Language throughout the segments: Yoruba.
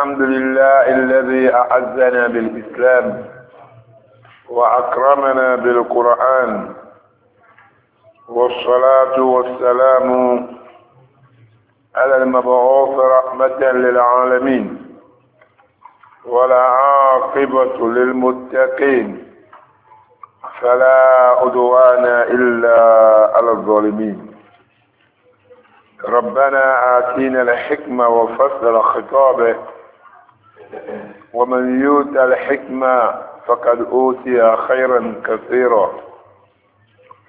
الحمد لله الذي أعزنا بالإسلام وأكرمنا بالقرآن والصلاة والسلام على المبعوث رحمة للعالمين ولا عاقبة للمتقين فلا أدوان إلا على الظالمين ربنا آتينا الحكمة وفصل خطابه ومن يؤت الحكمة فقد أوتي خيرا كثيرا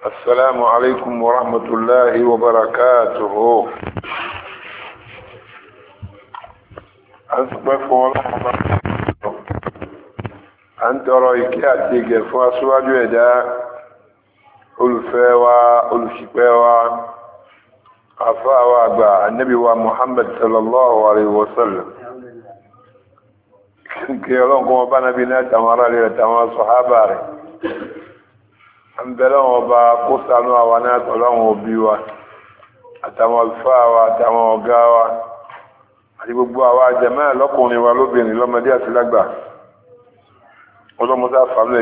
السلام عليكم ورحمة الله وبركاته أسبف الله أنت رأيك أتيك فأسواج جيدا ألفاوا ألشقاوا أفاوا النبي محمد صلى الله عليه وسلم kí ọlọ́run kọ́ ọba náà bí náà tàwọn ará rẹ̀ tàwọn sọ̀hábà rẹ̀ ń bẹ lọ́wọ́ ọba kó ṣàánú àwa náà tọ́lọ́run òbí wa àtàwọn àlùfáà wa àtàwọn ọ̀gá wa àti gbogbo àwa jàmáà lọ́kùnrin wa lóbìnrin lọ́mọdé àti lágbà ọlọ́mọdé àfàmì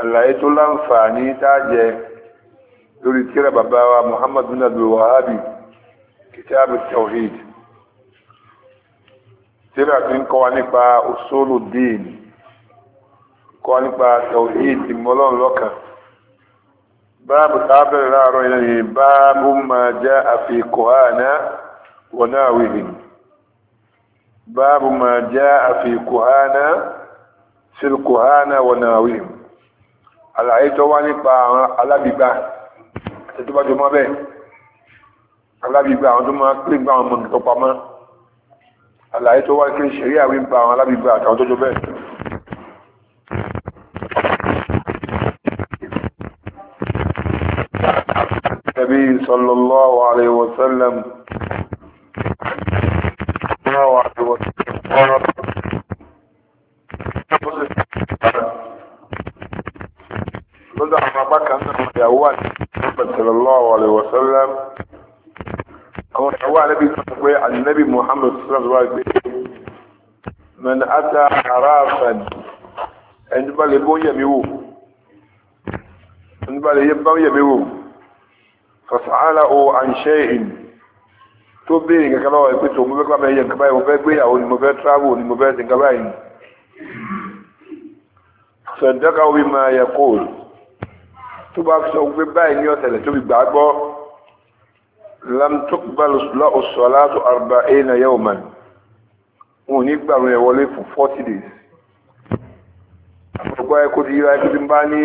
àlàyé tó láǹfààní dájẹ lórí tíra bàbá wa muhammad bin abdul wahabi kitab tawhid tíra ti ń kọ́ wa nípa usulu din kọ́ wa nípa tawhid ìmọ̀lọ́run lọ́kàn báàbù tábẹ̀rẹ̀ láàárọ̀ ìlànà báàbù máa jẹ́ àfikọ́ àná wọ̀ náà wíhìn باب ما جاء في كهانة في الكهانة àlàyé tó wá nípa àwọn alábìgbà àti tó bá jọ mọ́ bẹ́ẹ̀ alábìgbà àwọn tó máa pè gba àwọn ọmọ nìkan pamọ́ àlàyé tó wá kí n ṣeré àwí gba àwọn alábìgbà àtàwọn tó jọ bẹ́ẹ̀. النبي صلى الله عليه وسلم sọ́nà wá gbé mẹ́ni ata ara àfàní ẹni bá lè bó yẹ̀mí wò ẹni bá lè bá yẹ̀mí wò fàṣàlá o à ń ṣe ìn tó béèrè kankan lọ́wọ́ ẹ̀ pé tó mo fẹ́ pàmò ẹyẹ nǹkan báyìí fẹ́ gbéyàwó ni mo fẹ́ travel ni mo fẹ́ ṣe nǹkan báyìí sọ̀dọ́ka máa yẹ kóòlù tó bá sọ pé báyìí ní ọ̀sẹ̀ tó fi gbà lam tukbal lahu salatu arba'ina yawman wọn ò ní gbàrún ẹ̀ wọlé fún forty days àpòpọ̀ ẹ̀ kò ti yíra ẹ̀ tó ń bá ní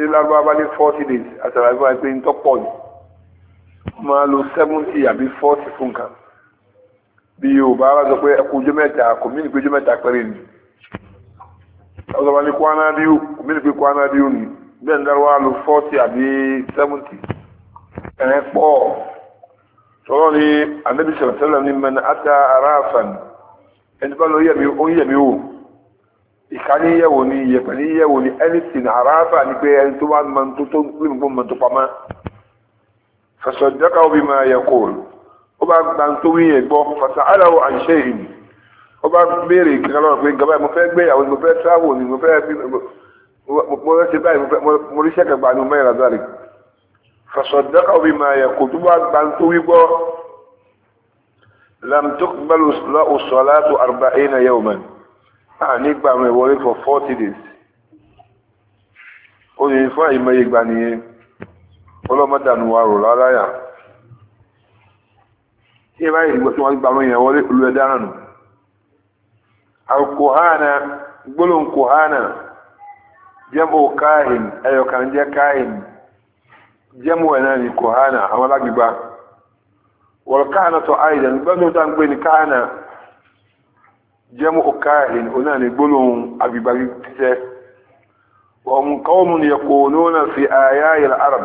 ilé bá ní forty days àtàrà ìfọwọ́ ẹ̀ pé ń tọ́pọ̀ ni máa lo seventy àbí forty fún kan bí yorùbá bá sọ pé ẹkùn ọjọ́ mẹ́ta kò mí ní pé ọjọ́ mẹ́ta péré ni ọjọ́ bá ní kwana bíu kò mí ní pé ni bẹ́ẹ̀ ń dárò lo forty àbí seventy ẹ̀rẹ́ pọ̀ tọ́rọ ni anabi sẹ̀rẹ̀sẹ̀lẹ̀ ni mẹ́ni ata aráàfàn ẹni bá lọ yẹ̀mí ó ń yẹ̀mí wò ìka ní yẹ̀wò ni ìyẹ̀pẹ̀ ní yẹ̀wò ni ẹni sì ní aráàfà ni pé ẹni tó wá mọ tó tó lè mú mọ tó pamọ́ fẹsọ̀ dẹ́ka obi máa yẹ kó ó bá gba tó wí gbọ́ fàṣà aláwọ̀ àṣẹ ìlú ó bá béèrè ìkẹ́kẹ́ lọ́wọ́ pé فصدقه بما يقول تبعد بانتو يقول لم تقبل له الصلاة أربعين يوما أعني يقبع من يولي for 40 days قل ينفع ما يقبع نيه قل ما دانوارو لا لا يا إيه ما يقبع يقبع من يولي قلوا دانو الكهانة قلوا كهانة جمعوا كاهن أيو كان جا كاهن jẹ́mú ẹ̀ náà ni kòhánà àwọn alágbègbà wọ́n káànà tó àìdàn gbọ́dọ̀ tó ń pè ní káànà jẹ́mú ọkáàhìn onáà ni gbólóhùn agbègbà títẹ́ wọ́n kọ́wọ́mù ni ẹ̀kọ́ lónà fi àyà ilẹ̀ arab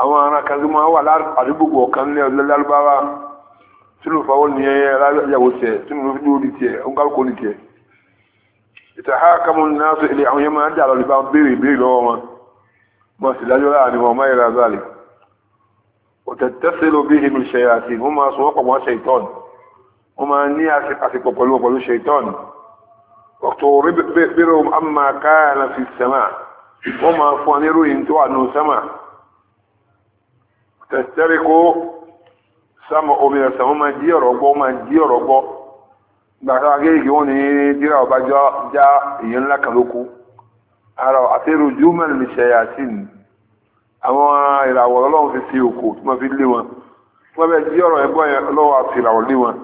àwọn ará kan tó máa wà àdúgbò ọ̀kan ní ọ̀lẹ́ lárúbáwá sínú fàwọn ní ẹyẹ láyàwó tiẹ̀ ما سلاجوا يعني وما إلى ذلك وتتصل بهم الشياطين هما سوقوا شيطان هما نيا سقطوا قلوا قلوا شيطان وتورب بهم أما كان في السماء هما فانروا ينتوا عنه سماء تسترقوا سمعوا من السماء هما ديروا هما ديروا gbàtà agéègì wọn ni díra ọba já èyí ńlá kan ló kú ara àti rujuma al-shayatin àwọn ìràwọ̀ ọlọ́run fi fi òkò tí wọ́n fi lé wọn wọ́n bẹ̀ jí ọ̀rọ̀ ẹgbọ́n yẹn lọ́wọ́ àti ìràwọ̀ lé wọn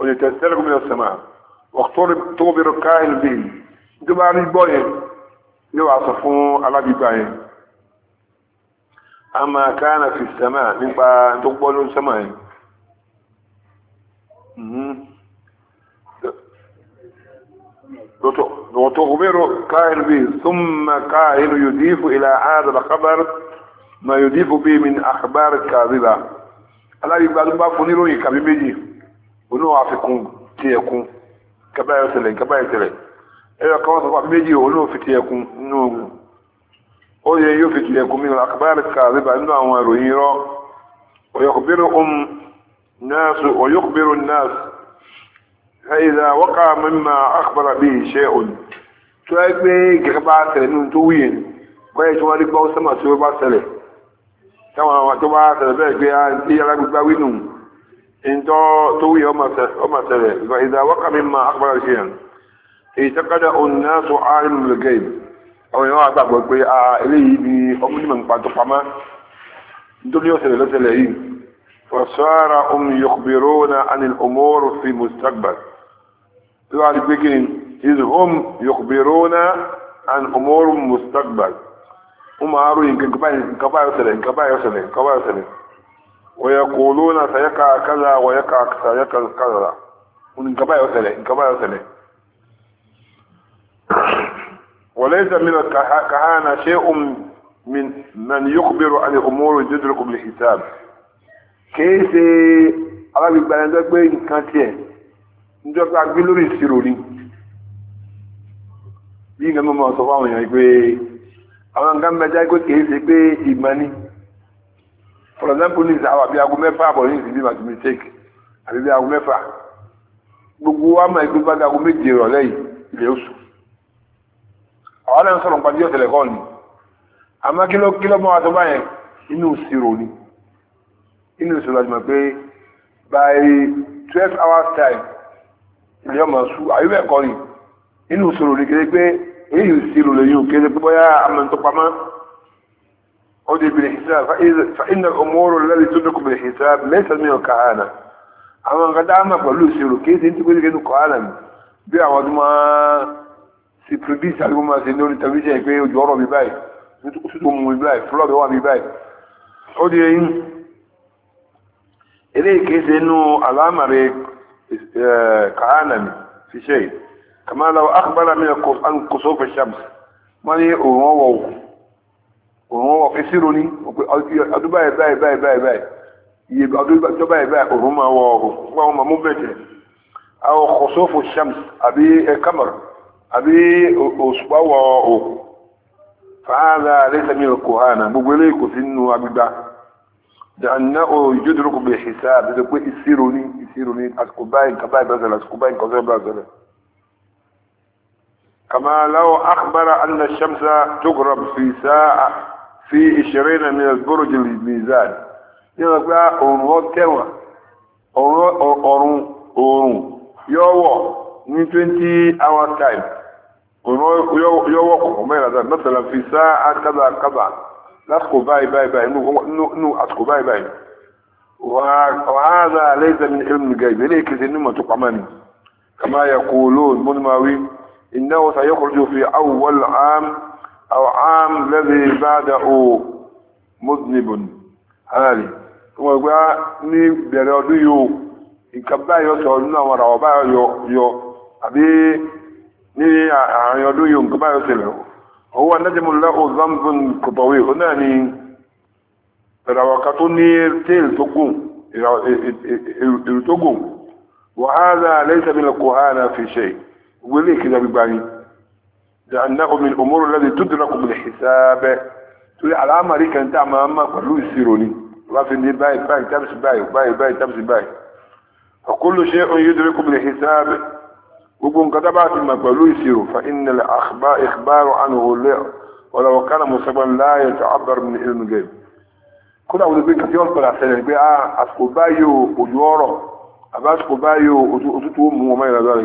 òye tẹ̀sílẹ̀ gómìnà sẹ̀mà ọ̀tọ́rọ̀ tó bẹ̀rẹ̀ káyìn bíi tó bá rí gbọ́ yẹn ní wàá sọ fún alábìgbà yẹn a máa káyìn fi sẹ̀mà nípa tó gbọ́ lórí yẹn وتخبره قائل به ثم قائل يضيف إلى هذا الخبر ما يضيف به من أخبار كاذبة ألا يبقى ما فنيرو يكبي بيجي ونو عفكم تيكم كبا يسلين كبا يسلين إذا كما صفح بيجي ونو في تيكم نو أو يوفي تيكم من الأخبار الكاذبة إنه أمر هيرو ويخبرهم ناس ويخبر الناس فإذا وقع مما أخبر به شيء تواجه كخبا سلمون توين كوي شوالي باو سما سوى با سلي سما ما تبا سلي بي بي بيك يلعب باوينون انتو توي أما سلي فإذا وقع مما أخبر به شيء اعتقد الناس عالم بالغيب أو يوعى بيك بيا إليه بي أمني من قاتل قما دوليو سلي لسلي فصار هم يخبرون عن الأمور في مستقبل يقعد بكين إذ هم يخبرون عن أمور مستقبل هم عاروا يمكن كبا يسلين كبا يسلين كبا يسلين ويقولون سيقع كذا ويقع سيقع كذا ومن كبا يسلين كبا يسلين وليس من الكهانة شيء من من يخبر عن أمور يدرك بالحساب كيف على بالبلد بين كانتين níjọ́ pé a gbé lórí ìṣirò ni bí nǹkan mọ́ mọ́ sọ fáwọn èèyàn pé àwọn nǹkan mẹ́ta pé kìí ṣe pé ìmọ̀ ni for example ní ìsàwà bí aago mẹ́fà àbọ̀ ní ìsìnkú àti mistake àbí bí aago mẹ́fà gbogbo wa máa gbé bàtà aago méje ìrọ̀lẹ́ yìí ilẹ̀ oṣù àwọn náà ń sọ̀rọ̀ nípa bí ọ̀sẹ̀ kọ́ ni àmọ́ kí ló kí ló mọ́ wa sọ báyẹn inú ìṣirò ni inú ìṣirò àti mọ̀ pé by twelve hours time ilé ọmọ su àyùbẹ̀ kọ́ ni inú sòrò ní kéde pé èyí ò sí ìròlẹ̀ yìí ò kéde pé bóyá àmọ́ tó pamọ́ ó di bìrì hisab fa iná ọmọọrọ lẹ́bi tó dọ́kọ̀ bìrì hisab mẹ́sàn-án mi ò kà á nà àwọn nǹkan dáhùn náà pẹ̀lú ìṣirò kéde ní tíkọ́ ìdíkẹ́ kọ́ á nà mí bí àwọn ọdún máa ṣe pírídìsì àbí máa ṣe lórí tẹlifíṣàn pé ojú ọ̀rọ̀ mi báyìí tuntun mu mi báyìí fúlọ́ọ̀bì wà mi báyìí ó di eyín eléyìí kéde nínú àlámà كعالم في شيء كما لو أخبر من القرآن كسوف الشمس ما هي أموه أموه فسرني أدو باي باي باي باي باي أدو باي باي أموه وهو مبتع أو خسوف الشمس أبي كمر أبي أسبوع فهذا ليس من القرآن مبليك لك سنه أبي بقى لأنه يدرك بحساب إذا كنت يسيروني يسيروني أسكوباين كباي بزل أسكوباين كباي بزل كما لو أخبر أن الشمس تغرب في ساعة في عشرين من البرج الميزان يقول بقى أورو كوا أورو أورو أورو يوو من 20 hours time أورو يوو يوو مثلا في ساعة كذا كذا lásìkò báyìí báyìí báyìí nínú àsìkò báyìí báyìí وهذا ليس من علم الغيب ليه كذي نما تقمن كما يقولون من منماوي إنه سيخرج في أول عام أو عام الذي بعده مذنب هالي ثم يقول ني بيرادو يو إن كبا يوصل لنا ورعبا يو يو أبي ني عيادو يو إن كبا يوصل هو نجم له ذنب كطويل هنا من يعني رواقتني تيل تقوم تقوم وهذا ليس من الكهانة في شيء وليه كده بباني لأنه من الأمور التي تدرك بالحساب تقول على أمريكا كانت أما أما قالوا يسيروني رافن باي باي تمس باي باي باي تمس باي فكل شيء يدرك بالحساب gbogbo nǹkan tá bá ti mọ̀ pẹ̀lú ìṣirò fa inna al-ikhbaru anhu walaw kana mustaqbalan la yata'abbar min ilmi al-ghaib kódà wọ́n gbé kàtí ọ̀sán padà sẹ́lẹ̀ pé ah, àsìkò báyìí òjò ọ̀rọ̀ àbá báyìí òtútù ó mú ọmọ ìrìnàjò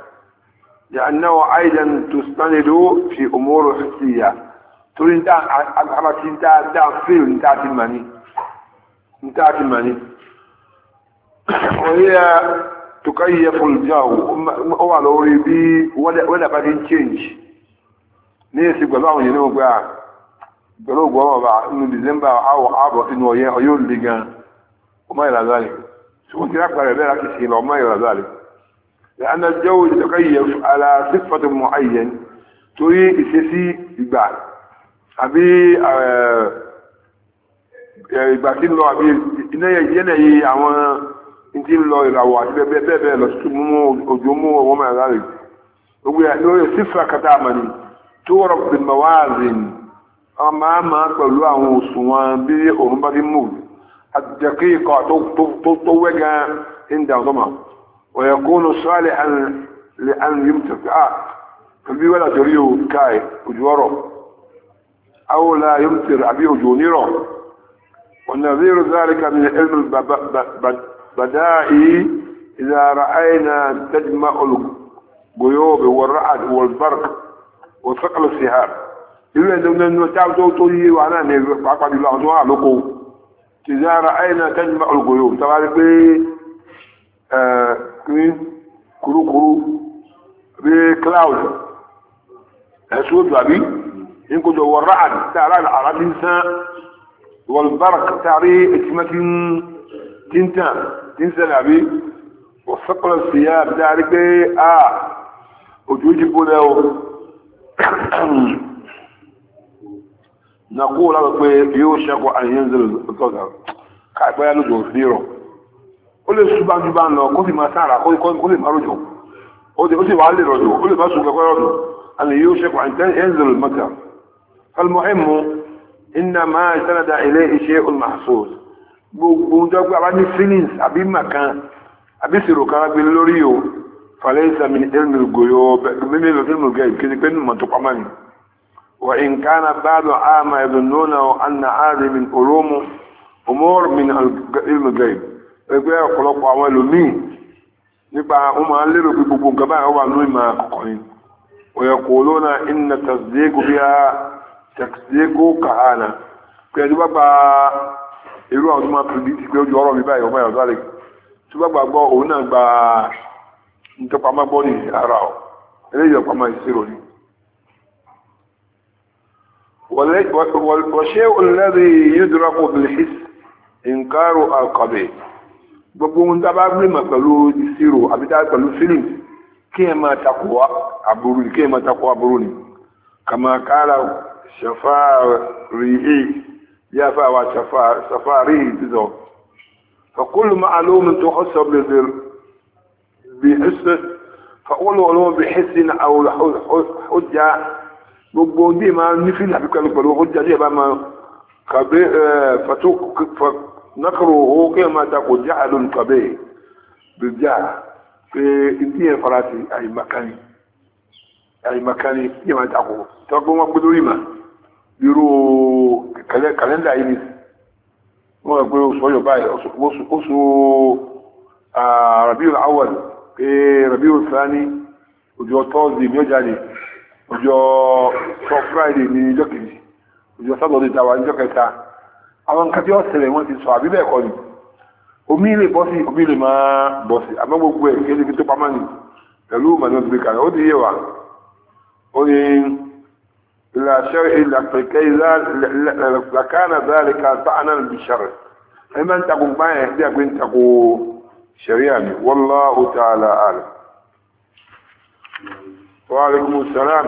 لأنه أيضا تستند في أمور حسية تريد أبحرك انت تعفير انت تماني انت تماني وهي تكيف الجو هو لوري بي ولا ولا بعدين تشينج نيسي بقى ينو بقى بلو بقى بقى انه ديسمبر او عبر انه يقول لي وما الى ذلك سوف تراك بقى بقى كيسي وما الى ذلك لأن الجو يتغير على صفة معين تري إسيسي إبا أبي إبا تين لو أبي إنا يجينا يي أما إنتين لو يلاوا أبي بي بي بي لو وجمو وما ذلك لو يصفة كتامني تورب بالموازن أما ما قلوا أنه سوان بي أرمبا دي مول الدقيقة تو تو تو تو وجه عند ضمان ويكون صالحا لأن يمتلك فبي آه، ولا تريه كاي وجوره أو لا يمتر أبيه جونيره ونظير ذلك من علم البدائي إذا رأينا تجمع القيوب والرعد والبرق وثقل السهام إلا أنه نتعب توتوه وعناه نفعق الله عنه إذا رأينا تجمع القيوب تبارك Eh, ní kurukuru bí cloud ẹ̀sùn òjò àbí ní kò jọ wọ̀rọ̀ àti tààrà àrà sán wọ̀lbárak tààrí ìtìmá ń tí ń sẹ́lẹ̀ àbí sí yá dárí pé a òjò ìjìbó lẹ́ o pé yóò ṣẹ́kọ̀ ó lè ṣubá ju bá ń lọ kó sì máa sára kó lè máa rọ̀jò ó sì wà lè rọ̀jò ó lè máa ṣùgbọ́n kọ́ rọ̀jò àlè yóò ṣe pàǹtí ẹ̀ńzẹ̀l mọ́tà falmọ́ẹ̀mù iná máa sẹ́nàdà ilé iṣẹ́ olùmọ̀sọ́s gbogbo ń dọ́gba bá ní feelings àbí màkan àbí sèrò kan gbé lórí o falẹ̀ ìsàmì ẹ̀mí gòyò mímí lọ sí mùgẹ́ àmà ẹ̀dùn lónà ọ̀nà ààrẹ min olómo òmòrò min ilmùgẹ́ ẹgbẹ́ ọ̀pọ̀lọpọ̀ àwọn ẹlòmíì nípa wọn máa ń lérò pé gbogbo nǹkan báyìí wọn wà nínú ìmọ̀ àkọ́kọ́ ni ويقولون إن تصديق بها تصديق كهانة pé ẹni bá gba irú àwọn tó máa pìrìdìtì pé ojú ọ̀rọ̀ mi báyìí ọmọ ìrọ̀lá rẹ̀ tó bá gbàgbọ́ òun náà gba ìtọ́pamọ́ gbọ́ ní ara gbogbo ohun tá a bá gbé mọ̀ pẹ̀lú ìṣirò àbí tá a pẹ̀lú feeling kí ẹ máa takò àbúrò ni kí ẹ máa takò àbúrò ni kàmá kára ṣàfà rí i yá fà wá ṣàfà rí i ti sọ. فكل معلوم تحسب بحس فأول علوم بحس أو حجة gbogbo ndé máa nífìlà pẹ̀lú pẹ̀lú ọjà díẹ̀ bá máa kàbé fàtó نكره كما تقول جعل كبير بالجعل في انتهى فراتي اي مكاني اي مكاني كما تقول تقول ما بدوري ما يرو كالندا ايدي wọ́n gbé oṣù ọyọ̀ báyìí oṣù rabiul awal pé rabiul sani ọjọ́ thursday ní ọjà ni ọjọ́ friday ní ọjọ́ kejì ọjọ́ saturday ní ọjọ́ kẹta àwọn nǹkan tí ó ṣẹlẹ̀ wọ́n ti sọ àbí bẹ́ẹ̀ kọ́ ni omi lè bọ́ sí omi lè máa bọ́ sí àmọ́ gbogbo ẹ̀ kéde fi tó pamọ́ ni pẹ̀lú mọ̀lẹ́ òbí kalẹ̀ ó ti yé wa ó ní ìlàṣẹ́ ìlàpẹ̀kẹ́ ìlàkánà dáàlì kan sáànà bí ṣẹ̀rẹ̀ ẹ máa ń takò báyẹn bí àgbẹ̀ ń takò ṣẹ̀ríà ni wallahu ta'ala a'lam. wa alaikumus salam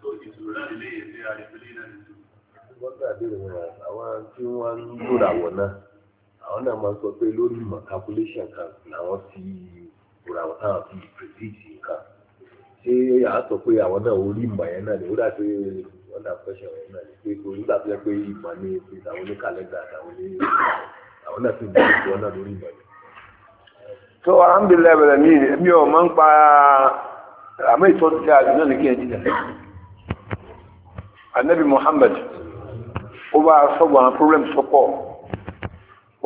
So it's really, they are really necessary wọ́n gbàdé wọn àwọn tí wọ́n ń lòrà wọ̀ náà àwọn náà máa ń sọ pé lórí ìmọ̀ calculation kan làwọn ti ròrà wọn táwọn fi predict nǹkan ṣé àá sọ pé àwọn náà orí ìmọ̀ yẹn náà ni ó dà pé wọ́n dà question yẹn náà ni pé kò nígbà tó pé ìmọ̀ ni pé àwọn ní calendar àtàwọn ní àwọn náà sì ń bá ìjọ náà lórí ìmọ̀ yẹn. so alhamdulilayi bẹ̀rẹ̀ mi mi ò máa ń pa àmọ́ ìtọ́jú dáa jù náà ní kí n jìjà muhammad ó bá sọ́gbọ̀n àwọn problem sọ́pọ̀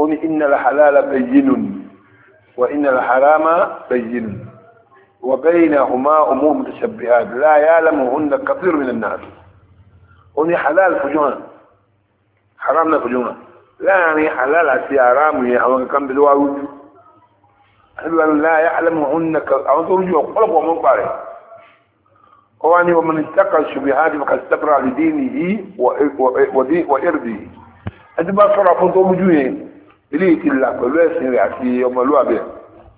ó ní innal halala bayyinun wa innal harama bayyinun wa baynahuma umur mutashabbihat la ya'lamuhunna kathirun minan nas ó ní halal fojú hàn haram náà fojú hàn láàrin halal àti haram yẹn àwọn وأن ومن اتقى الشبهات فقد استقرع لدينه وإرضه أنت ما صرع فنطو مجوين إليه تلا فلو يسنع في يوم الوابع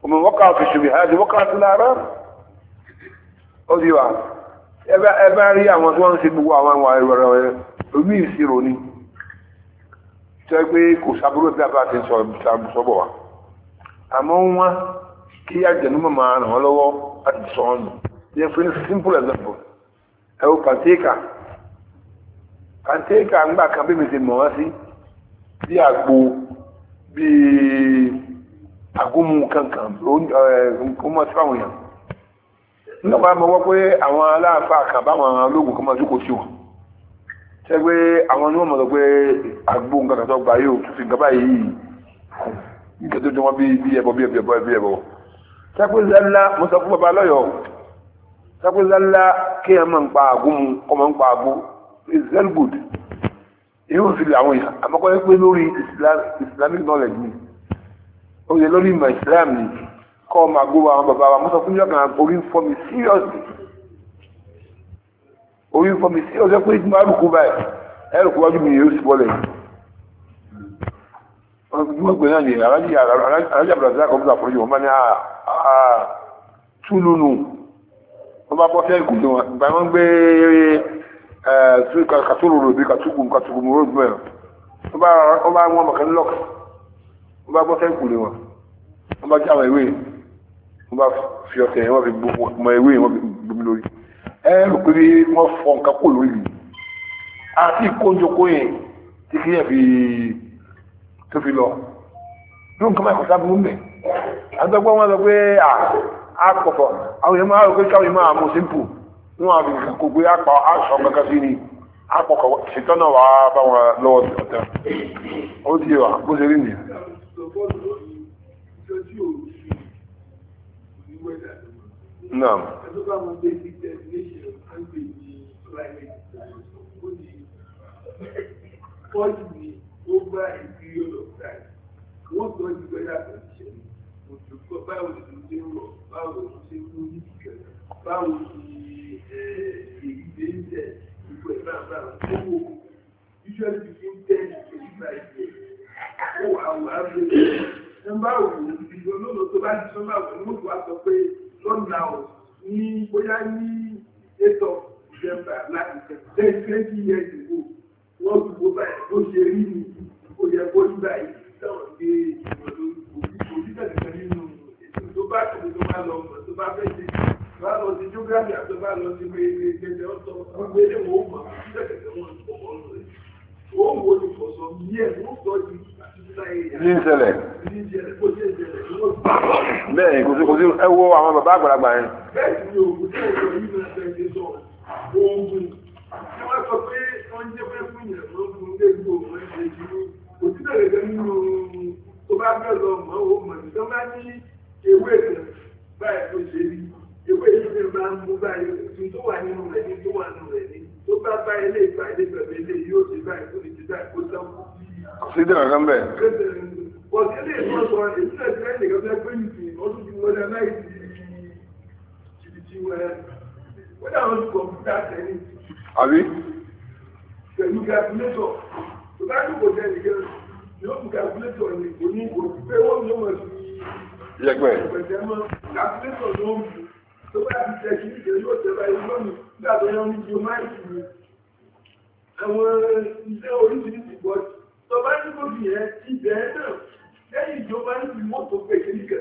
ومن وقع في الشبهات وقع في الأعراف أذيوا أبا ريا ما سوان سبوا وان وان وان وان omi ìṣirò ni tẹ́ pé kò sábúrò bí abá ti sọ́bọ̀ wa àmọ́ wọn kí àjẹ̀nú mọ̀ máa ràn wọ́n lọ́wọ́ láti sọ ọ́nà yẹn fún simple example ẹ wo pàǹtẹ́ẹ̀kà pàǹtẹ́ẹ̀kà ńgbà kan bí mi ti mọ̀ wá sí bí àgbo bí agúnmu kankan ó mọ̀ sí àwọn èèyàn nígbà máa mọ̀ wọ́n pé àwọn aláàfáà kan báwọn ológun kan máa jókòó sí wọn ṣe pé àwọn ni wọ́n mọ̀ sọ pé àgbo nǹkan kan tó gba yóò tún fi nǹkan báyìí nǹkan tó jọ wọn bí ẹbọ bí ẹbọ bí ẹbọ ṣe pé zẹ́lá mo sọ fún bàbá lọ́yọ̀ọ́ sápẹ́sálá kí ẹ máa ń pa àgún mu kọ́ máa ń pa àgún is very good yóò fi àwọn èèyàn àmọ́kọ́ yẹ pé lórí islamic knowledge ni ó yẹ lórí ìmọ̀ islam ni kọ́ ọmọ àgún wa àwọn bàbá wa mọ́sọ̀ fún yọ̀kan orí fọ́ mi seriously orí fọ́ mi sí ọjọ́ pé ìjùmọ̀ àrùkú báyìí ẹ̀rùkú wájú mi yóò sì bọ́lẹ̀ ọdún pé náà ni alájà brazil kọ́mọ́sà fún yìí wọ́n bá ní àà túlùnù wọ́n bá bọ́ sí ẹ̀kú tí wọ́n bá wọ́n gbé kàtúrò rò bí kàtúkù kàtúkù mú ròdù mẹ́rin wọ́n bá wọ́n mọ̀kàn lọ́k wọ́n bá bọ́ sí ẹ̀kú tí wọ́n wọ́n bá jáwọ́ ìwé wọ́n bá fi ọ̀sẹ̀ wọ́n fi mọ ìwé wọ́n fi gbomi lórí ẹ rò pé wọ́n fọ nǹkan kó lórí yìí àti ìkóńjokó yẹn tí kí yẹn fi tó fi lọ lóun kọ́ máa kọ́ sábà mú mẹ́ àtọ́gbọ́n wọn lọ pé àpọ̀pọ̀ àwọn èèyàn máa rò pé káwọn èèyàn máa mú símpù níwọ̀n àbí kò gbé àpá aṣọ kankan sí ni àpọ̀kọ̀ ṣètọ́ náà wàá bá wọn lọ́wọ́ tẹ̀ ti wà bó ṣe rí nìyẹn. Naam. Forty minutes over a period of time. What God is better than the Bible is the same báwo ló ṣe kú ní ìgbẹ́ báwo ni èyí ṣe ń tẹ̀ gbogbo ẹ̀ náà náà tó wò ó usually you fit tell the person by the ó wà wà á bẹ̀rẹ̀ nọ́mbà wò ó ìlú olóòlò tó bá di nọ́mbà wò ó wà sọ pé lọ́nà ò ní bóyá ní eight of December láti tẹ̀ twenty years ago wọ́n ti wo báyìí bó ṣe rí ni ó yẹ kó rí báyìí sọ̀rọ̀ pé òbí tẹ̀sán nínú bá tẹ̀lé tó bá lọ mọ̀ tó bá fẹ́ ṣe tó bá lọ sí jógráfì àti bá lọ sí gbèsè gbèsè ọ̀tọ̀ gbogbo ilé wọn ó mọ̀ lẹ́kẹ̀kẹ̀ wọn tó kọ̀ lọ rẹ̀. ó wo ni kò sọ bí ẹ̀ ló sọ di ní ìṣẹ̀lẹ̀ bẹ́ẹ̀ kò sí kò ẹ wo àwọn bàbá àgbàlagbà yẹn. bẹ́ẹ̀ ni o kò sí ọjọ́ yìí náà fẹẹ ṣe sọ oògùn tí wọn sọ pé wọn jẹ fẹẹ fún yẹn lọ fún ilé ìgbò wọn ṣe ìdúró òtítọ́ ìrẹ̀lẹ̀ nínú tó bá bẹ́ẹ̀ lọ mọ́ òun mọ̀ nígbà máa ewé kan báyìí tó ṣe rí ewé yìí lè máa ń mú báyìí tuntun tó wà nínú rẹ̀ ní tó wà nínú rẹ̀ ní tó bá bá ilé ìgbà ilé bẹ̀rẹ̀ ilé yóò ṣe báyìí tó lè ṣe báyìí kó sá fún ọ̀gá ń bẹ̀. ọ̀sẹ̀ lè mọ̀ sọ ìṣúná ìṣúná ìṣẹ̀kẹ́ fẹ́ pé nìkì ọdún ti wọlé aláìsí jìbìtì wẹ̀rẹ̀ wọ́n dà wọ́n ti kọ̀m̀pútà yẹgbẹ́ Àwọn iṣẹ́ oríṣiríṣi bọ́ tó bá ní kò fìyẹn ibẹ̀ náà lẹ́yìn tí ó bá ní mọ́tò pé kìíkà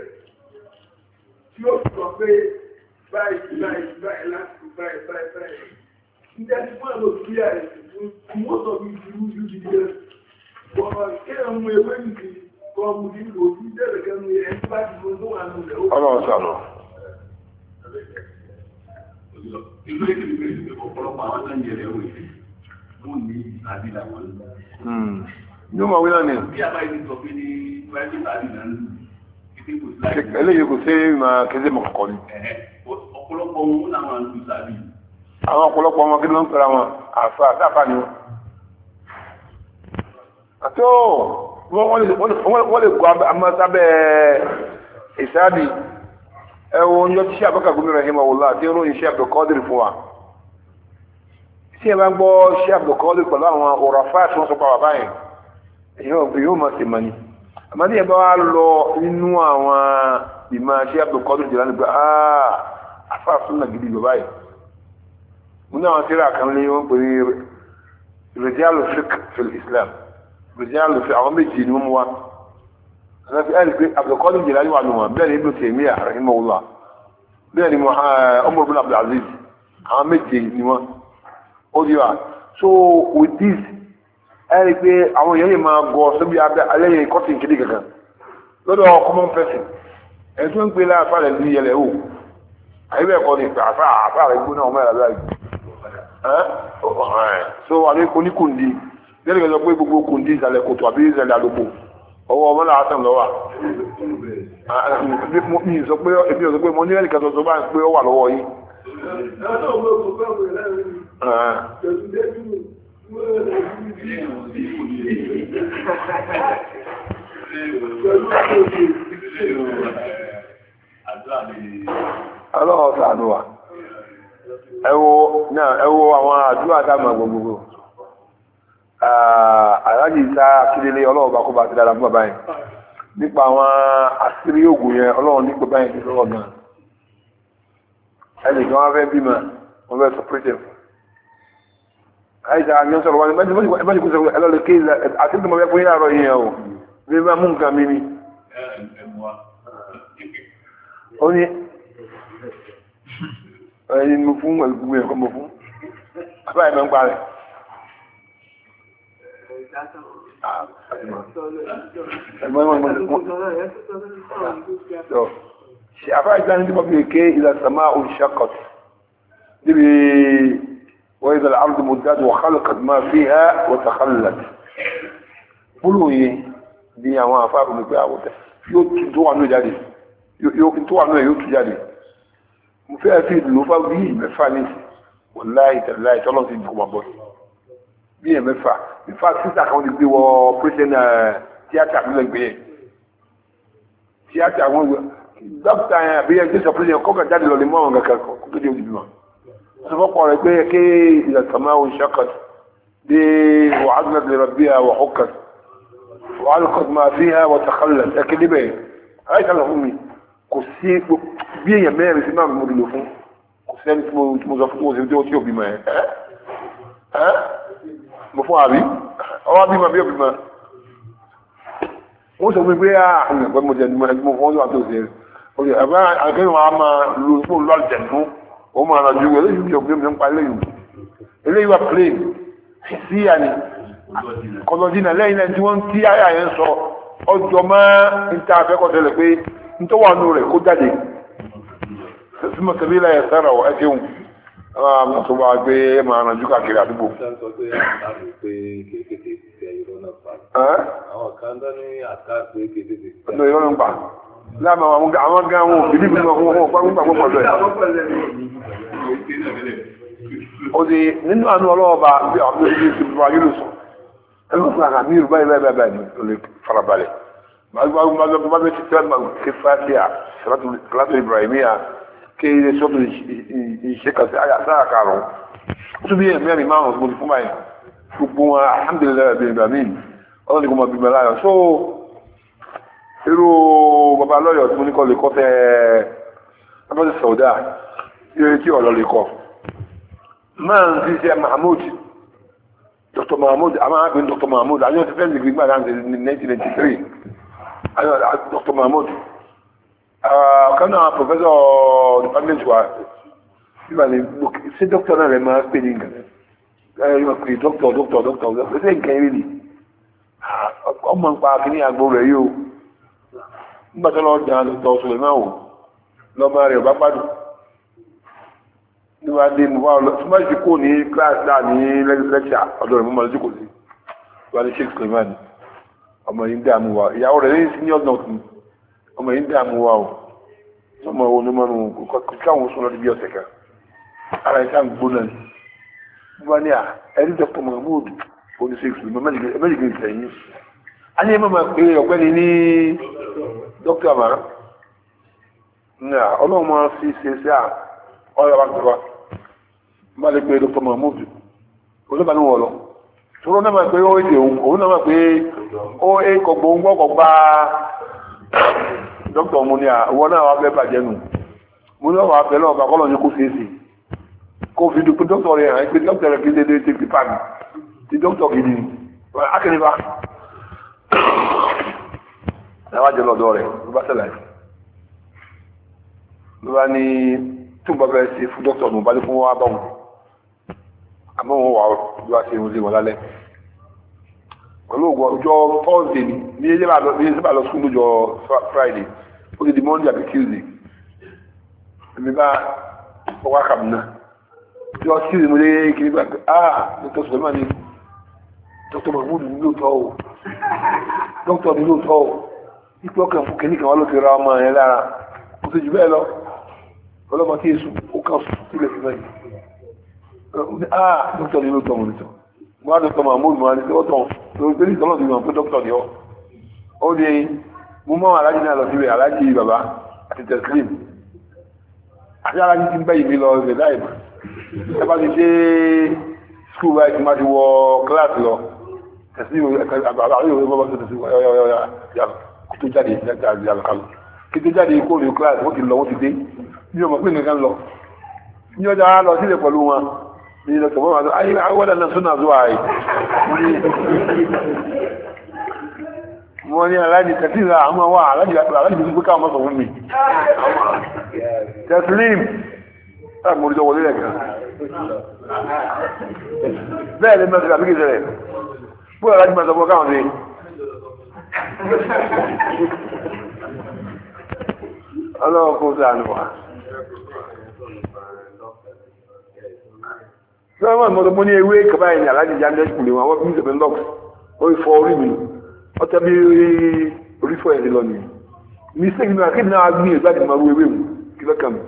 tí ó sọ pé báyìí báyìí báyìí láti báyìí báyìí báyìí. Ìjẹ́ ti fún àwọn òṣìṣẹ́ àìsàn fún mọ́tò bí ìdúró ju jíjẹ. Wọ̀n kéèyàn mú ewé nìkan ọlọ́run sànù. ìlú èdè ìgbé ọ̀pọ̀lọpọ̀ àwọn tó hmm. ọ̀pọ̀lọpọ̀ wọn làwọn ń lù wọn kí ló ń ni wọn. àtọ́. wọ́n lè gbọ́ àmọ́ sábẹ́ ìsáàdì ẹ̀wọ̀n yọ tí sàbẹ́kà gómìnà rahimahullah tí ó ròyìn fún wa tí ẹ bá gbọ́ sí abdulkadir pẹ̀lú àwọn ọ̀rọ̀ afáà tí wọ́n sọ pa báyìí yóò wọn islam rìjìnàlù fi àwọn méjì ni wọ́n mú wa ẹ̀rọ fi ẹ̀rì pé abdulkadir jìlá yóò wà nù wọn bẹ́ẹ̀ ni ibùdó tèmi àrẹ́mọ̀wúlà bẹ́ẹ̀ ni eh, Umar bin Abdulaziz àwọn méjì ni wọ́n ó di wa so with this ẹ̀rì pé àwọn èèyàn lè máa gọ sóbi alẹ́yìn kọ́tìn kéde kankan lọ́dọ̀ common person ẹ̀ tó ń pè láàfà rẹ̀ ní yẹlẹ̀ o àyè bẹ́ẹ̀ kọ́ ni àfà àfà rẹ̀ gbóná ọmọ ẹ̀rọ lẹ́nu kẹsàn pé gbogbo kùn dín ìsàlẹ̀ kòtò àbí ìsàlẹ̀ àlòpọ̀ ọwọ́ ọmọ náà àtàn lọ́wà ah, ah, mi sọ pé èmi sọ pé mo ní ẹnìkan tuntun bá ń pé ó wà lọ́wọ́ yìí. Ah. ọlọ́wọ́ sànù wa ẹ wo àwọn àdúrà tá a mọ̀ gbogbogbò. Ah, aláàjì sá akíndélé ọlọ́run bá kó bá ti dára fún bàbá yẹn nípa àwọn àṣírí ògùn yẹn ọlọ́run ní bàbá yẹn ti sọ̀rọ̀ náà ẹnì kan wá fẹ́ bímọ wọ́n fẹ́ sọpírẹ́tẹ̀ àìsàn àmì ọ̀sọ̀rọ̀ wa ni mẹ́tí kò sọ̀rọ̀ ẹlọ́lẹ̀ kí àti ìdìmọ̀ fẹ́ fún yín àárọ̀ yẹn o bí bá mú nǹkan mi ni. ó ní ẹni mo fún ẹ̀gbọ́n mi ẹ̀kọ́ mo fún bàbá yẹn mẹ́ ń parẹ́ ṣe afáàjá ní pọ̀pù èké ilẹ̀ sàmà òṣìṣàkọ̀t níbi wọ́n ìdàlẹ̀ àrùdù mọ̀dájú wàhálùkàt máa fi ha wọ́tàkálùlàt búrú yìí ní àwọn afáàrù ní pé àwọ̀tẹ̀ yóò tún tó wà náà jáde yóò tún jáde mo fẹ́ fi lò fáwọn bí mẹ́fà ní wọ́n láì tẹ̀lé bí yẹn mẹ́fà mẹ́fà sísà kan ti gbé wọ operation uh, tíátà nílẹ̀ gbé yẹn tíátà wọn dókítà yẹn uh, àbí yẹn tẹsán operation kọ́kà jáde lọ ní mọ́ àwọn kankan kó kéde òbí mọ́ sọfọ́pọ̀ rẹ̀ pé kí ìdàtàmá òun ṣọ́kọ̀t dé wàhálà lọ́rọ̀ bí i àwọn ọkọ̀t wàhálà kọ̀t máa fi hàn wọ́n tàkàlẹ̀ ẹ̀kẹ́ níbẹ̀ àìsàn lọ́fún mi kò sí mo fún àbí ọwọ́ bímọ bí òbí mọ wọ́n sọ fún mi pé ah ọmọ ẹ̀gbọ́n mo jẹ ẹni mo fún ọdún àti òṣèré òye ẹ̀gbọ́n akẹ́yìn wa máa lo ìfún olú àjẹ fún òun máa ràn ju eléyìí yóò gbé mi ń pa eléyìí eléyìí wà plain sí àní kọlọ́dínà lẹ́yìn náà tí wọ́n ń tí àyà yẹn sọ ọjọ́ máa ń ta afẹ́kọ̀ọ́ tẹ́lẹ̀ pé ń tó wà nù rẹ̀ kó jáde símọ̀ sẹ́bí láyẹ̀ sára ọ̀ ẹ ṣeun àwọn tó bá gbé máa ràn jù káàkiri àdúgbò. ọ̀dọ̀ ìrọ̀ ń pa láàmà àwọn gan wọn bìbí bí wọn wọn pa nípa pọ̀ pọ̀lọ́ ẹ̀. ó di nínú àánú ọlọ́ọ̀ba bí àwọn ilé ti bá yóò sùn ẹ ló sàn àmì ìrù báyìí báyìí báyìí ló lè farabalẹ̀. bá a gbọ́ bá a gbọ́ kí fásitì à sàlátù Ibrahimiyya kéré sọ́tò ìṣẹ́kàsí àyàsára karùn-ún ó tún bí ẹ̀ mẹ́rin márùn-ún mo ti fún báyìí gbogbo wọn alhamdulillah rabbil alamin ọlọ́run ní kò mọ̀ bíbẹ̀ láyọ̀ so irú bàbá lọ́yọ̀ tí mo ní kọ́ lè kọ́ tẹ́ abẹ́sẹ̀ sọ̀dá yóò tí ọ̀lọ́ lè kọ́ máa ń fi ṣe mahmood dr Mahmoud, a máa ń pè dr Mahmoud, àyọ̀ ti fẹ́ẹ́ nìgbìgbà láti 1993 dr Mahmoud. Ah, kan náà professor department wa nígbà ní ṣé doctor náà rẹ̀ máa pè ní nǹkan ẹ̀rọ eh, máa pè doctor doctor doctor ó sì ń kẹ́ ẹ̀rẹ́ ni ah, ọmọ ń pa kíní àgbo rẹ̀ yóò nígbà tó lọ́ọ́ dàn án doctor sọ̀rọ̀ náà wò lọ́mọ rẹ̀ ọba gbádùn níwá dé mú wá lọ tí wọ́n ti kó ní class náà ní lẹ́kṣà ọ̀dọ̀ rẹ̀ mú máa jókòó sí wọ́n ti ṣe ìkọ̀lẹ́mọ̀ ọmọ yìí ń dààmú wa ìyàwó rẹ̀ ní senior nurse ọmọ yìí ń dààmú ọmọ wo ni mo nù kí sọ lọ́dún bí ọ̀sẹ̀ kan ara ń gbóná ni bá ní à ẹni mahmood a ní ẹ̀mọ́ máa pé ọ̀gbẹ́ni ní dr ama ní à ọlọ́run máa fi ṣe à má lè pe mahmood ní lọ náà máa ó òun náà máa ó dókítà mo ní àwọn náà wàá fẹ́ bàjẹ́ nù mo ní ọ̀wà abẹ́lẹ́ ọba kọ́lọ̀ ní kó ṣeé ṣe kó fi dùn pé dókítà rẹ̀ hàn pé dókítà rẹ̀ kì í ṣe dé ti pípa mi ti dókítà kì í ní akẹ́nifà làwọn àjẹ lọ́dọ̀ rẹ̀ ló bá ṣẹlẹ̀ ló bá ní tún bá bẹ́ẹ̀ ṣe fún dókítà mo bá ní fún wa bá wọn àmọ́ wọn wà ló wá ṣe irun sí wọn lálẹ́ pẹ̀lú ògùn ọjọ́ thursday ní ilé sábà lọ sùn lójọ friday ó ti di monday àbí tuesday èmi bá ọwọ́ àkàmù náà tí wọ́n tuesday mo lé kiri gbà ah dr suleman ni dr mahmood ni lóòótọ́ o dr ni lóòótọ́ o ipò ọkàn fún kìnnìkan wọn ló ti ra ọmọ yẹn lára kò sí jù bẹ́ẹ̀ lọ ọlọ́mọ tí èso ó kàn sùn sílẹ̀ sílẹ̀ yìí ah dr ni lóòótọ́ mo lóòótọ́ mo wá dr mahmood mo wá ní sọ́tọ̀ lórí pé ní ìtọ́lọ́dún yìí wọn pé dr ni ọ ó ní mo mọ́ aláàjì náà lọ síbẹ̀ aláàjì bàbá àti tẹ̀sílìm àti aláàjì ti ń bẹ́ ìbí lọ ibẹ̀ láì mọ̀ ẹbá ti dé skul báyìí ti máa ti wọ kíláàsì lọ tẹ̀sílìm àbàbà yóò wọ́n bá tó tẹ̀sílìm ọ̀yọ̀yọ̀yọ̀ kí tó jáde jáde àlùkálù kí tó jáde kó lè kíláàsì wọ́n ti lọ wọ́n ti dé ní ọmọ pé nìkan lọ ní ọjà lọ sílẹ̀ pẹ̀lú wọn ní ilẹ̀ tọ̀wọ́n wọ́n ní aláàdì kàtíra àmọ́ wà aláàdì tó ká ọmọ sọ̀rọ̀ mi tẹ̀sílìm láti mọ̀ ìjọ wọlé rẹ̀ kan bẹ́ẹ̀ lè mẹ́sàn àbíkì sẹ̀rẹ̀ pé aláàdì mẹ́sàn fọ́ káwọn sí ọlọ́wọ́ kó sàánù wa sọ́wọ́n mọ́tò mọ́ ní ewé kaba ẹ̀yìn aláàdì jáde kùlé wọn wọ́n fi ń sọ̀rọ̀ lọ́kù ó fọ́ orí mi ọ̀tẹ́ bí orí fọ́ ẹ̀rí lọ ni ní sẹ́yìn náà kéde náà gbìyànjú láti máa wú ewé mu kí lọ́kàn mi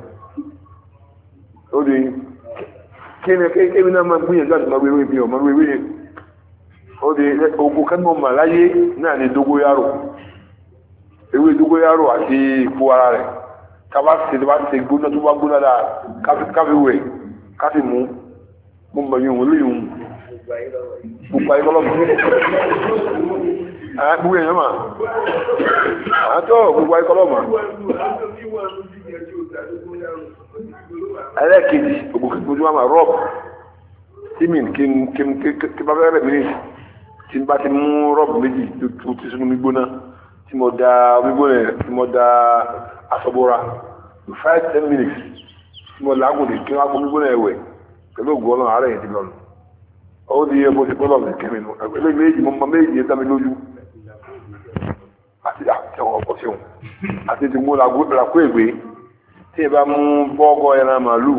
ó di kéde náà máa gbìyànjú láti máa wú ewé mi ọ̀ máa wú ewé yẹn ó di ogun kánú ọmọ láyé náà ní dógóyárò ewé dógóyárò àti ipò ara rẹ̀ kaba se ba se gbóná tó bá gbóná dáa káfí wẹ̀ káfí mú mo mọ̀ yín òun lóyún gbogbo Ah, gbogbo èèyàn mà àtọ́ ah, gbogbo ayíkọ́lọ́ mà. ẹlẹ́kejì gbogbo wa mà rọ́ọ̀b tímìn kí n kí n kí n bá fẹ́ rẹ̀ mí tí n bá ti mú rọ́ọ̀b méjì tó ti sínú mi gbóná tí mo da omi gbóná tí mo da asọ́bọ́ra five ten minutes tí mo làágùn dé kí n wá kó omi gbóná ẹ̀wẹ̀ pẹ̀lú ògùn ọlọ́run àárẹ̀ yẹn ti lọ́nu ó di ẹ bó ti gbọ́dọ̀ kẹ́mi nù ẹgbẹ́ méjì mo méjì yẹn mi lójú àti àtẹwọ̀n ọkọ̀ sí òun àti ti mú làkó ègbé tí ẹ bá mú bọ́ọ̀gọ́ ẹran màálù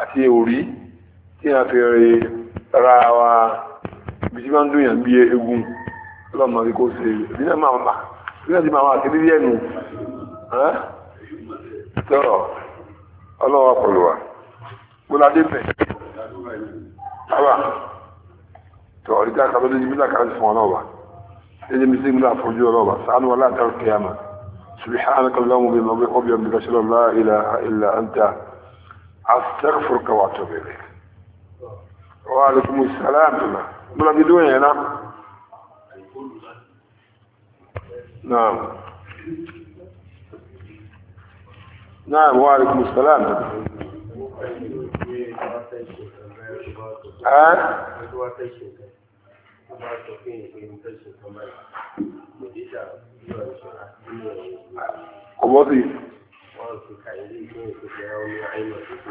àti òrí tí a fi rí ra wa bí tí bá ń dùnyàn bí egun lọ́mọ kí kò ṣe bí náà máa mà bí náà ti máa máa kiri díẹ̀ nù tọ́rọ̀ ọlọ́wọ́ pẹ̀lú wa gbọ́dọ̀ adé bẹ̀ àwa tọ́ ọ̀rí tí a kà lọ́dún yìí bí náà kà lọ́dún fún ọ náà wà. إذا مسلم لا فرجوا الله سعد ولا ترى القيامة سبحانك اللهم بما وبحمدك أشهد أن لا إله إلا أنت أستغفرك وأتوب إليك وعليكم السلام بلا بدون هنا نعم نعم وعليكم السلام ها؟ máa sọ fún yìí pé mo fẹ́ sùn fún máa mo dé sà yóò ṣọ́ra nínú ọ̀rọ̀ àmì. ọmọ bíi. wọn ti kà ní ilé ìgbẹ́ ìpèsè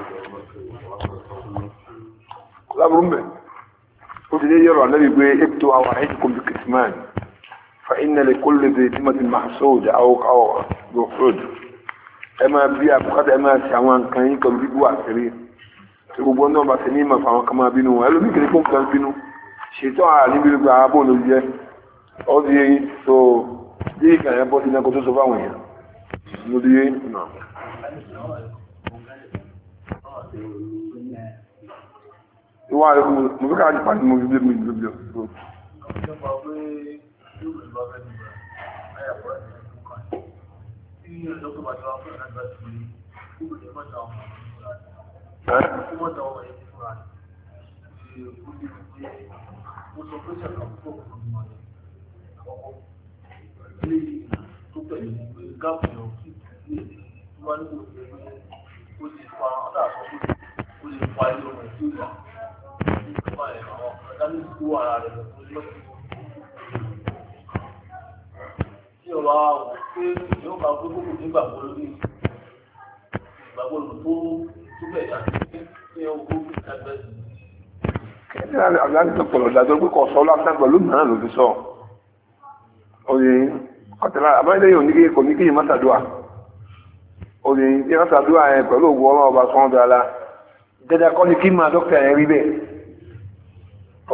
àwọn ọmọ tó tó lọ ọmọ tó wọn kọ sọ fún mi. lábúrú mẹ́ ó ti dé yọrọ ànábi pé ètò àwọn àìsíkò bíi kìtìmán فإن لكل ذي ذمة محسود أو أو مفروض ẹ máa bí àbúkátà ẹ máa ṣe àwọn nǹkan yín kan bíbú àṣírí tí gbogbo náà bá ti ní ìmọ̀ fún àwọn kan máa bínú wọn ẹlòmíì kìí fún kan bínú ṣètọ́ àníbílùgbà àbò ló jẹ́ ó di eyín tó bí ìkànnì bọ́ sí ẹnẹ́kọ́ tó sọ fáwọn èèyàn ló di eyín náà. ìwà rẹ̀ mo fẹ́ ká àti pàdé mo fi bí mi lóbi lọ. Ẹ́ ó sọ pé sẹ́ka púpọ̀ fún mi wáyé tó tẹ̀lé ìwé gáàpù yọ kí ilé tó wá nílò ìwé ó lè fa ọ́dà sọ ó lè fa ilé ọmọ tí ó yà nípa ẹ̀ àwọn ọ̀dánù tó ara rẹ̀ lọ́sí. tí ọ̀rọ̀ àwọ̀ pé yóò máa gbé gbogbo nígbàgbọ́ lórí ìgbàgbọ́ lò tó tó bẹ̀ yà sí pé ó gbógun ìdágbẹ́sì ẹni àgbáyé tó pọ̀lọ̀ dájọ́ pé kọ̀ sọ lásán pẹ̀lú mìíràn ló fi sọ oye kọtẹ́lá àbáyé yóò ní kí kò ní kí yìí má ṣàdúà oye kí má ṣàdúà yẹn pẹ̀lú òwú ọmọ ọba sọ́n dára dẹ́dẹ́ kọ́ ni kí máa dókítà yẹn rí bẹ́ẹ̀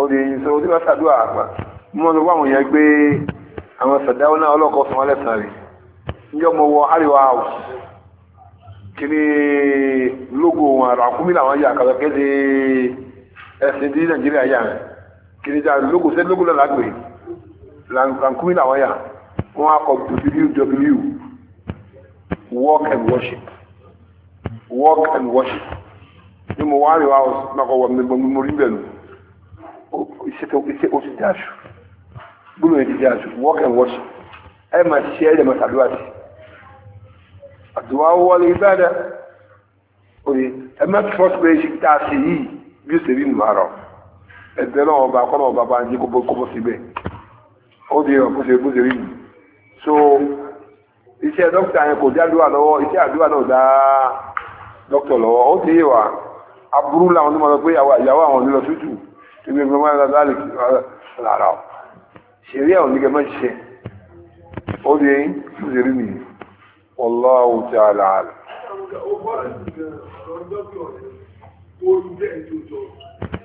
oye sọ tí má ṣàdúà àgbà mo lọ wá àwọn yẹn gbé àwọn sàdáwọ́ náà ọlọ́kọ̀ sọ wọn lẹ́sàn-án rí níjọ́ mo ẹ̀sìn bí nàìjíríà yà rẹ̀ kìrìjà lógo sẹ́ lógo lọ́la gbé lankumi làwọn yà wọ́n á kọ www work and worship work and worship ni mo wá rí wa ọ̀sìnkọ́ wọ mo rí bẹ̀rù iṣẹ́ oṣù tí a ṣù gbọ́dọ̀ yẹn ti di àṣù work and worship ẹ máa ṣiṣẹ́ ẹ̀ máa ṣàdúrà sí àdúrà wọlé ìbáda ẹ má trust pé ṣe tá a ṣe yìí bí ó ṣe rí nù àrọ̀ ẹ̀bẹ̀ náà ọba kọ́nà ọba bá ń yí kóbó kóbó síbẹ̀ ó di ọ̀ bó ṣe bó ṣe rí nù so iṣẹ́ dókítà yẹn kò dá àdúrà lọ́wọ́ iṣẹ́ àdúrà náà dá dókítà lọ́wọ́ ó ti yé wa aburú làwọn tó máa sọ pé ìyàwó àwọn onílọ tútù tó gbé gbẹmọ ẹgbẹ láàlì lára ọ ṣeré àwọn oníkẹ máa ṣiṣẹ́ ó di ẹ̀yìn tó ṣe rí nìyí wallahu ta'ala orí bẹ́ẹ̀ tó jọ.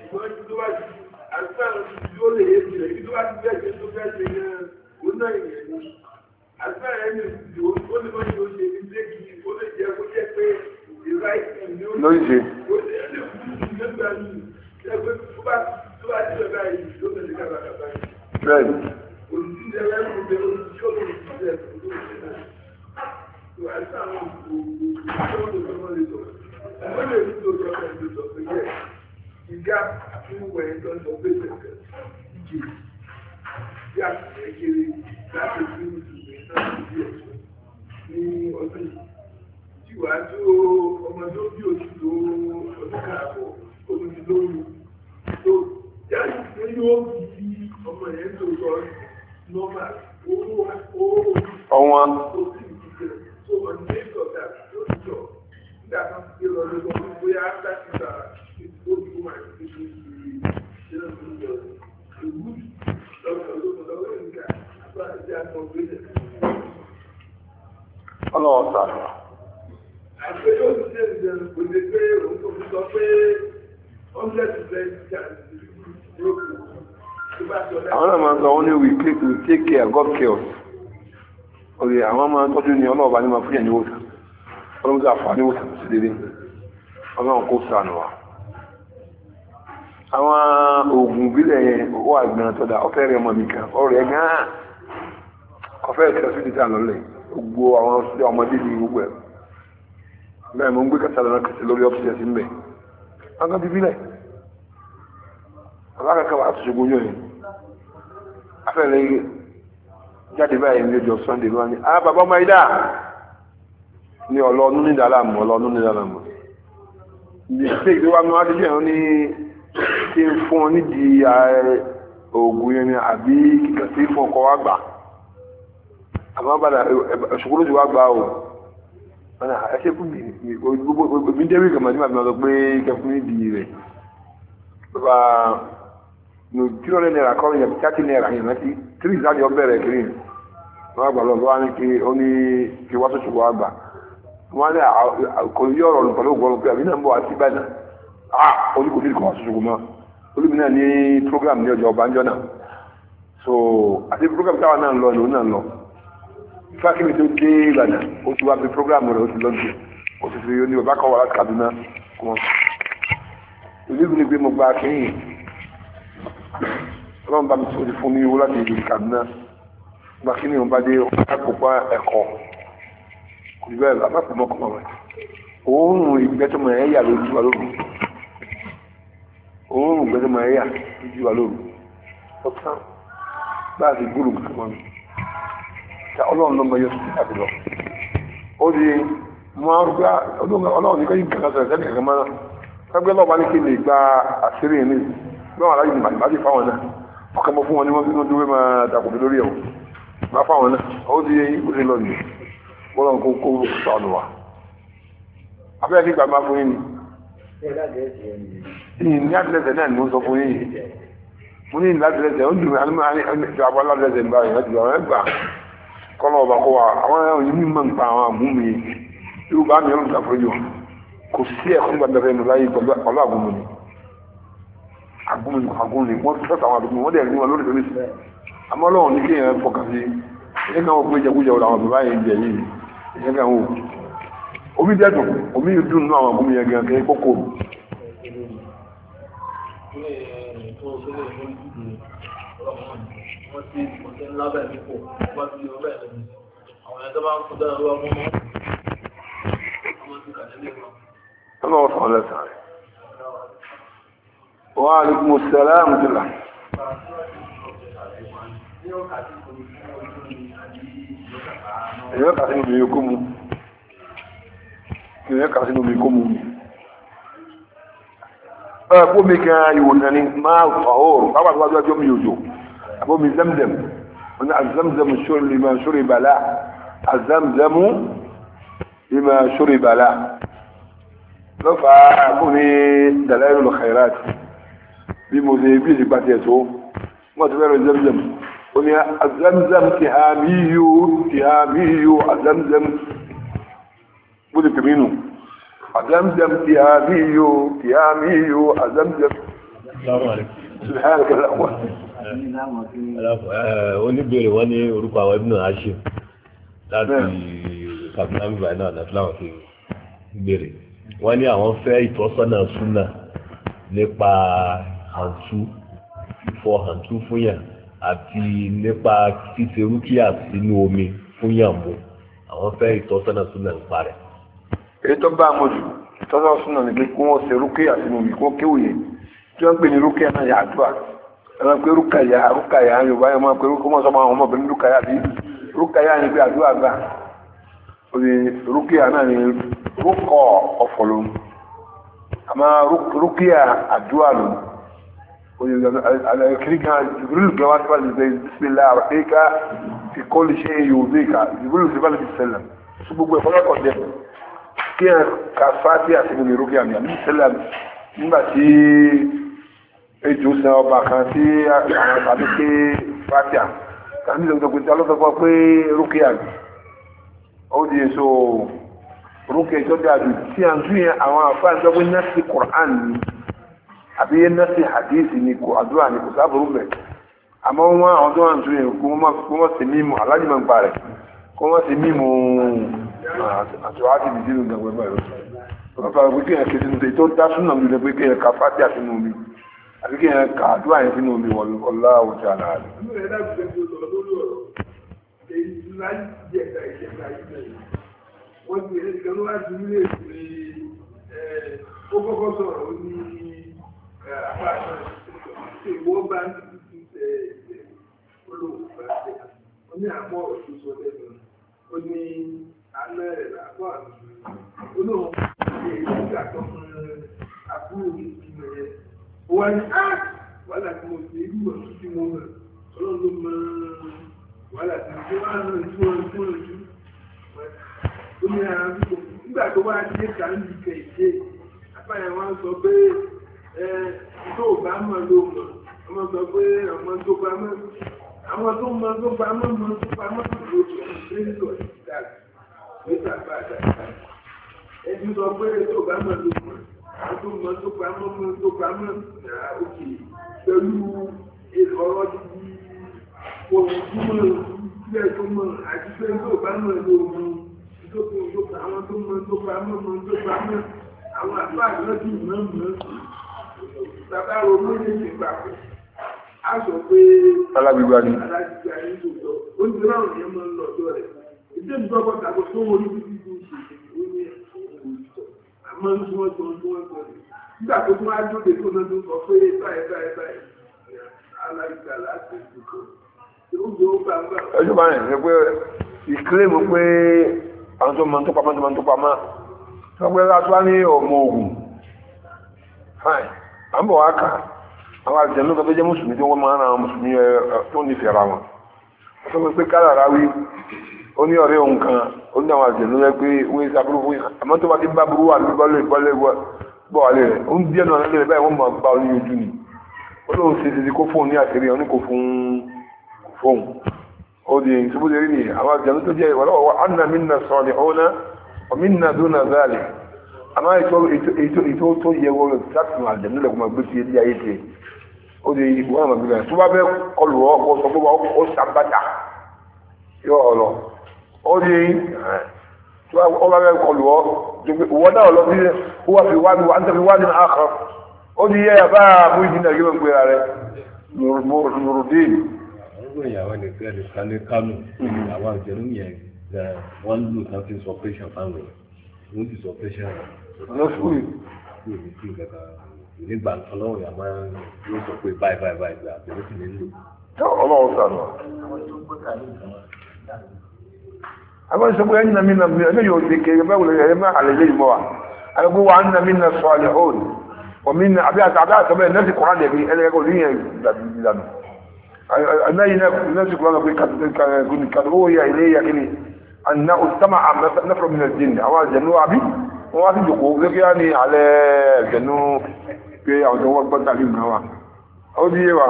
Ìgbọ́n ti tó wá sí àti àwọn ìdí ó lè yé tilẹ̀ ibi tó wá sí bẹ́ẹ̀ tó tó fẹ́ ṣe ní ọ̀nà ìyẹn ni. Àti àwọn ẹni ìdí ó lè mọ̀ ní ó ṣe ilé kìí ó lè fún ẹni wòsàn ọlọ́run tó àfààní wòsàn sí dédé ọlọ́run kó sànù wa àwọn oògùn ìbílẹ̀ yẹn wà gbìyànjú tó dáa ọ̀fẹ́ rẹ̀ mọ̀ mi kan ọ̀rẹ́ gan-an ọ̀fẹ́ ìtọ́ sí títà lọ́lẹ̀ gbogbo àwọn ọmọdé ní gbogbo ẹ̀ bẹ́ẹ̀ mo ń gbé kẹsàlẹ̀ náà kẹsẹ̀ lórí ọ́fíìsì ẹ̀sìn bẹ́ẹ̀ wọ́n kan ti bílẹ̀ alákàkà wà tó ṣogun yóò yẹn afẹ́lẹ́ jáde báyìí ní ọjọ́ sunday ló ní ọlọ́ọ̀nù ní ìdálàmù ọlọ́ọ̀nù ní ìdálàmù mistake tó wá ní wájú ní kí n fún ọ nídìí oògùn yẹn ni àbí kíkà sí fún ọkọ wa gbà àmọ́ bàdà ṣùkúrú ti wá gbà o bàdà ẹsẹ̀ kú mi òbí dẹ́rù ìgbàmọ̀ nígbà mi lọ pé kẹfún nídìí rẹ̀ bàbá ní ojú ọ̀rẹ́ náírà kọ́ ní thirty naira yẹn láti three ìsáàjì ọbẹ̀ rẹ̀ kiri wọ́n á gbà lọ́wọ́ wọ́n á ní kí wọ́n tó ṣùkúrú àgbà wọ́n lé kò yí ọ̀rọ̀ lù pẹ̀lú ògbọ́n pé àbí náà ń bọ̀ àti bẹ́ẹ̀ náà ah olùkọ́ ní ìkọ̀wá ṣoṣo mọ́ olùmí náà ní program ní ọjọ́ ọbànjọ́ náà so àti program táwọn náà ń lọ lòun náà ń lọ fákìlì tó dé ìlànà ó ti wá pé program rẹ̀ ó ti lọ́dún ó ti fi ní bàbá kan wà láti Kaduna kú wọn. olùkọ́ ní pé mo gba akéyìn ọlọ́run bá mi sọ ti fún mi wó láti Kaduna gba kí ni òun bá dé ọ̀pá ẹ̀kọ́ ìgbà bàbá kò mọ́kànmọ́ rẹ̀ òórùn ìgbẹ́tọ̀mọ̀ ẹ̀ yà lójú wa lóru òórùn ìgbẹ́tọ̀mọ̀ ẹ̀ yà lójú wa lóru ọ̀tán bá a ti gbúrò kàmọ́ mi ta ọlọ́run ló mọ yọ sí àti lọ ó di mọ arúgbá ọlọ́run nígbà yìí kankan sọ̀rọ̀ sẹ́ni kankan mọ́ná lágbé lọ́ọ̀bá ní kí ni ìgbà àṣírí yẹn ní báwọn aláyé ní màdìmáàdì fáwọn náà ọkàn mọ́ fún wọn ni wọ́n dúró kọ́lọ̀ kó kó sọ̀nù wa abẹ́rẹ́ kí gbàgbá fún yín ni ní àdírẹ́sẹ̀ náà ni ó sọ fún yín mo ní ìlàdírẹ́sẹ̀ ó dùn àti àbọ̀ aládírẹ́sẹ̀ ń bá yẹn láti gbàgbá gbà kọ́lọ̀ ọba kó wa àwọn ẹ̀rọ yìí mímọ̀ ń pa àwọn àmúmi yóò bá mi ọlọ́dún àforíjì wọn kò sí ẹ̀kọ́ gbàdúrà ẹnu láyé pẹ̀lú àgùnmù ni àgùnmù ni àgùnmù ni wọ́n tẹ́sà àwọn àdúgbò wọ́n dẹ̀ ní wọn lórí ìfẹ́ mi àmọ́ ọlọ́run ní kéèyàn fọkàn sí ẹ̀ka ìṣẹ́gà wò omi dẹ́dùn omi dùn nínú àwọn àgbómi yẹn gan kẹ́ kókó Ọlọ́run ọ̀sán ọ̀lẹ́sàn rẹ̀. Wa alaikumus salam mùsùlùmí èèyàn kà sínú mi kó mu èèyàn kà sínú mi kó mu ẹ kó mi kan ìwò nani máa fà ó bàbá tó bá tó mi òjò àbó mi zamzam wọn azamzam sórí ma sórí bàlá azamzamu lima sórí bàlá bí mo ṣe bí ìsìgbà tó wọ́n ti bẹ̀rẹ̀ zamzam ó ní azamzam tihamiyu tihamiyu azamzam bó ti tèmi nù azamzam tihamiyu tihamiyu azamzam. oníbèrè wọn ní orúkọ àwọn ibùdó àṣẹ láti kàfínàmì báyìí náà láti láwọn ti gbèrè wọn ní àwọn fẹ́ ìtọ́sọ́nà súnà nípa àǹtú ìfọhàn tú fún yàn àti nípa ṣíṣe rúkìá sínú omi fún yàn àwọn fẹ́ ìtọ́sọ́nà súnà ń parẹ́. èyí tó bá a mọ̀ jù ìtọ́sọ́nà súnà ni pé kí wọ́n ṣe rúkìá sínú omi kí wọ́n kéwòye tí wọ́n ń ní rúkìá náà yà á dùn à ẹran pé rúkàyà rúkàyà yorùbá yẹn máa pé rúkọ mọ sọmọ àwọn ọmọbìnrin rúkàyà bí rúkàyà ni pé àdúrà gbà òye rúkìá náà ni rúkọ ọ̀fọ̀ àmọ́ rúkìá àdúrà lòun alẹ́kìríkà jibril gawa tí wọ́n ti bisimilá àrẹ́kà ti kọ́lù ṣe yòóbí ká jibril ti bá lè sẹ́lẹ̀ sí gbogbo ẹ̀ fọ́lá kọ̀dẹ̀ kí ẹ ka fáti àti gbogbo ìrókè àmì àmì sẹ́lẹ̀ nígbà tí ejò sẹ ọba kan sí àwọn tàbí pé fáti à tàbí lọ́dọ̀ pé alọ́sọ fọ́ pé rókè àmì ó di èso rókè tó dáa jù tí à ń tún yẹn àwọn àfáà ń sọ pé nẹ́ẹ̀sì kùrán ni àbí yẹn náà hadithi ni kò àdúrà ni kò sábà rúbẹ̀ àmọ́ wọn àwọn tó wà ń túnyẹ̀ kó wọ́n sì mímu alájùmọ̀ ń parẹ̀ kó wọ́n sì mímu àti wàá ti bìdí nǹkan pẹ̀lú ẹ̀rọ wọ́n fà pé kéèyàn ṣe tuntun tó dá súnà mi lọ pé kéèyàn ka fàtí àtinú mi àbí kéèyàn ka àdúrà yẹn sínú mi wọ̀lú ọlá náà wọ́n ti ẹ̀ka ló wá sí ilé ìwé ó kọ́kọ́ sọ̀rọ̀ ó ní ní àmọ́ òṣù sọ lẹ́nu ó ní alẹ́ rẹ̀ lápá àmì olóhùn ṣe ìgbà tó fún àbúrò mi ti mọ̀ yẹn ó wá ní á wàhálà tí mo ṣe irú ọ̀tún tí mo mọ̀ ọlọ́run ló mọ wàhálà tí mo ṣe wá náà ju ọ̀run fún ojú ó ní àwọn àbúrò nígbà tó wá dé kàńdì kẹ̀ ìṣe àbáyọ̀ wá sọ pé tó o bá mọ̀ ló mọ̀ ọmọ sọ pé ọmọ tó bá mọ̀ àwọn tó mọ̀ tó bá mọ̀ mọ̀ tó bá mọ̀ tó ló tó ṣe ń lọ síta níta bá àdáta ẹni sọ pé tó o bá mọ̀ ló mọ̀ àwọn tó mọ̀ tó bá mọ̀ mọ̀ tó bá mọ̀ nà òkè pẹ̀lú ọ̀rọ̀ dídí ohun tó mọ̀ ilé tó mọ̀ àti pé tó o bá mọ̀ ló mọ̀ tó tó àwọn tó mọ̀ tó bá mọ̀ mọ̀ tó bá mọ̀ àwọn àbá àlọ́ bàbá ronú ní ìgbà pé a sọ pé alágbègbè ni alágbègbè ni tó ń lọ ọjọ́ rẹ̀ ìdí ìgbọ́kọ̀ tàbí tó wọ́n ní bíbí ní ọjọ́ bá rẹ̀ ṣe pé ìkílèmù pé àwọn tó mọ̀ tó pamọ́ tó mọ̀ tó pamọ́ tó pé látúwá ní ọmọ ogun fine à ń bọ̀ wá kà àwọn àjẹnú kan tó jẹ́ mùsùlùmí tí wọ́n máa ń ra àwọn mùsùlùmí tó nífẹ̀ẹ́ ra wọn wọ́n sọ pé kádàrá wí ó ní ọ̀rẹ́ òun kan ó ní àwọn àjẹnú rẹ pé wọ́n ń sábúrú fún yàn àmọ́ tó bá ti bá burú wà ní bọ́lẹ̀ bọ́lẹ̀ bọ́ wà lé rẹ̀ ó ń díẹ̀ náà lẹ́gbẹ̀rẹ̀ báyìí wọ́n máa bá ọ ní ojú ni ó lóun ṣe ti kó fóun ní àṣírí ọ ní kò fún fóun ó di ìṣubú lérí ni àwọn àjẹnú tó jẹ́ ìwọ́lọ́wọ́ àmọ́ ètò tó yẹ wọ́n rẹ̀ tíráàtì máa dẹ̀ nílẹ̀ kó máa gbé sí ilé ayé tiẹ̀ ó di wọ́n àmọ́ gbé bẹ́ẹ̀ tó bá fẹ́ kọlù ọ́ kó sọ pé ó sàbàtà yóò ọ̀ lọ ó di tó bá fẹ́ kọlù ọ́ wọ́n náà lọ sí wọ́n fi wá mi wá ń tẹ̀lé wá nínú àkọ́ ó di yẹ yàrá mú ìdí náà yóò gbé rẹ̀ nùrùdín. àwọn ìyàwó nìkan nìkan ní kánò hmm. àwọn àjẹrú yẹn eh, wọ́n lù tán fi sọ pé ṣàfáwọn wọ́n ti sọ pé ṣàfáwọn. lọ́sùn nígbà ọlọ́run yà máa yóò sọ pé báyìí báyìí báyìí gbà sì sànù. àwọn ìṣòwò yóò di kéré báwo lè wa nà sọ àlè omi nà àbí dànù. kàdúgbò ilé àná wọ́n wá sí jòkó lókè ní alẹ́ ẹ̀jẹ̀nú pé àwọn tó gbọ́ta lè gbọ́n wa ó díye wa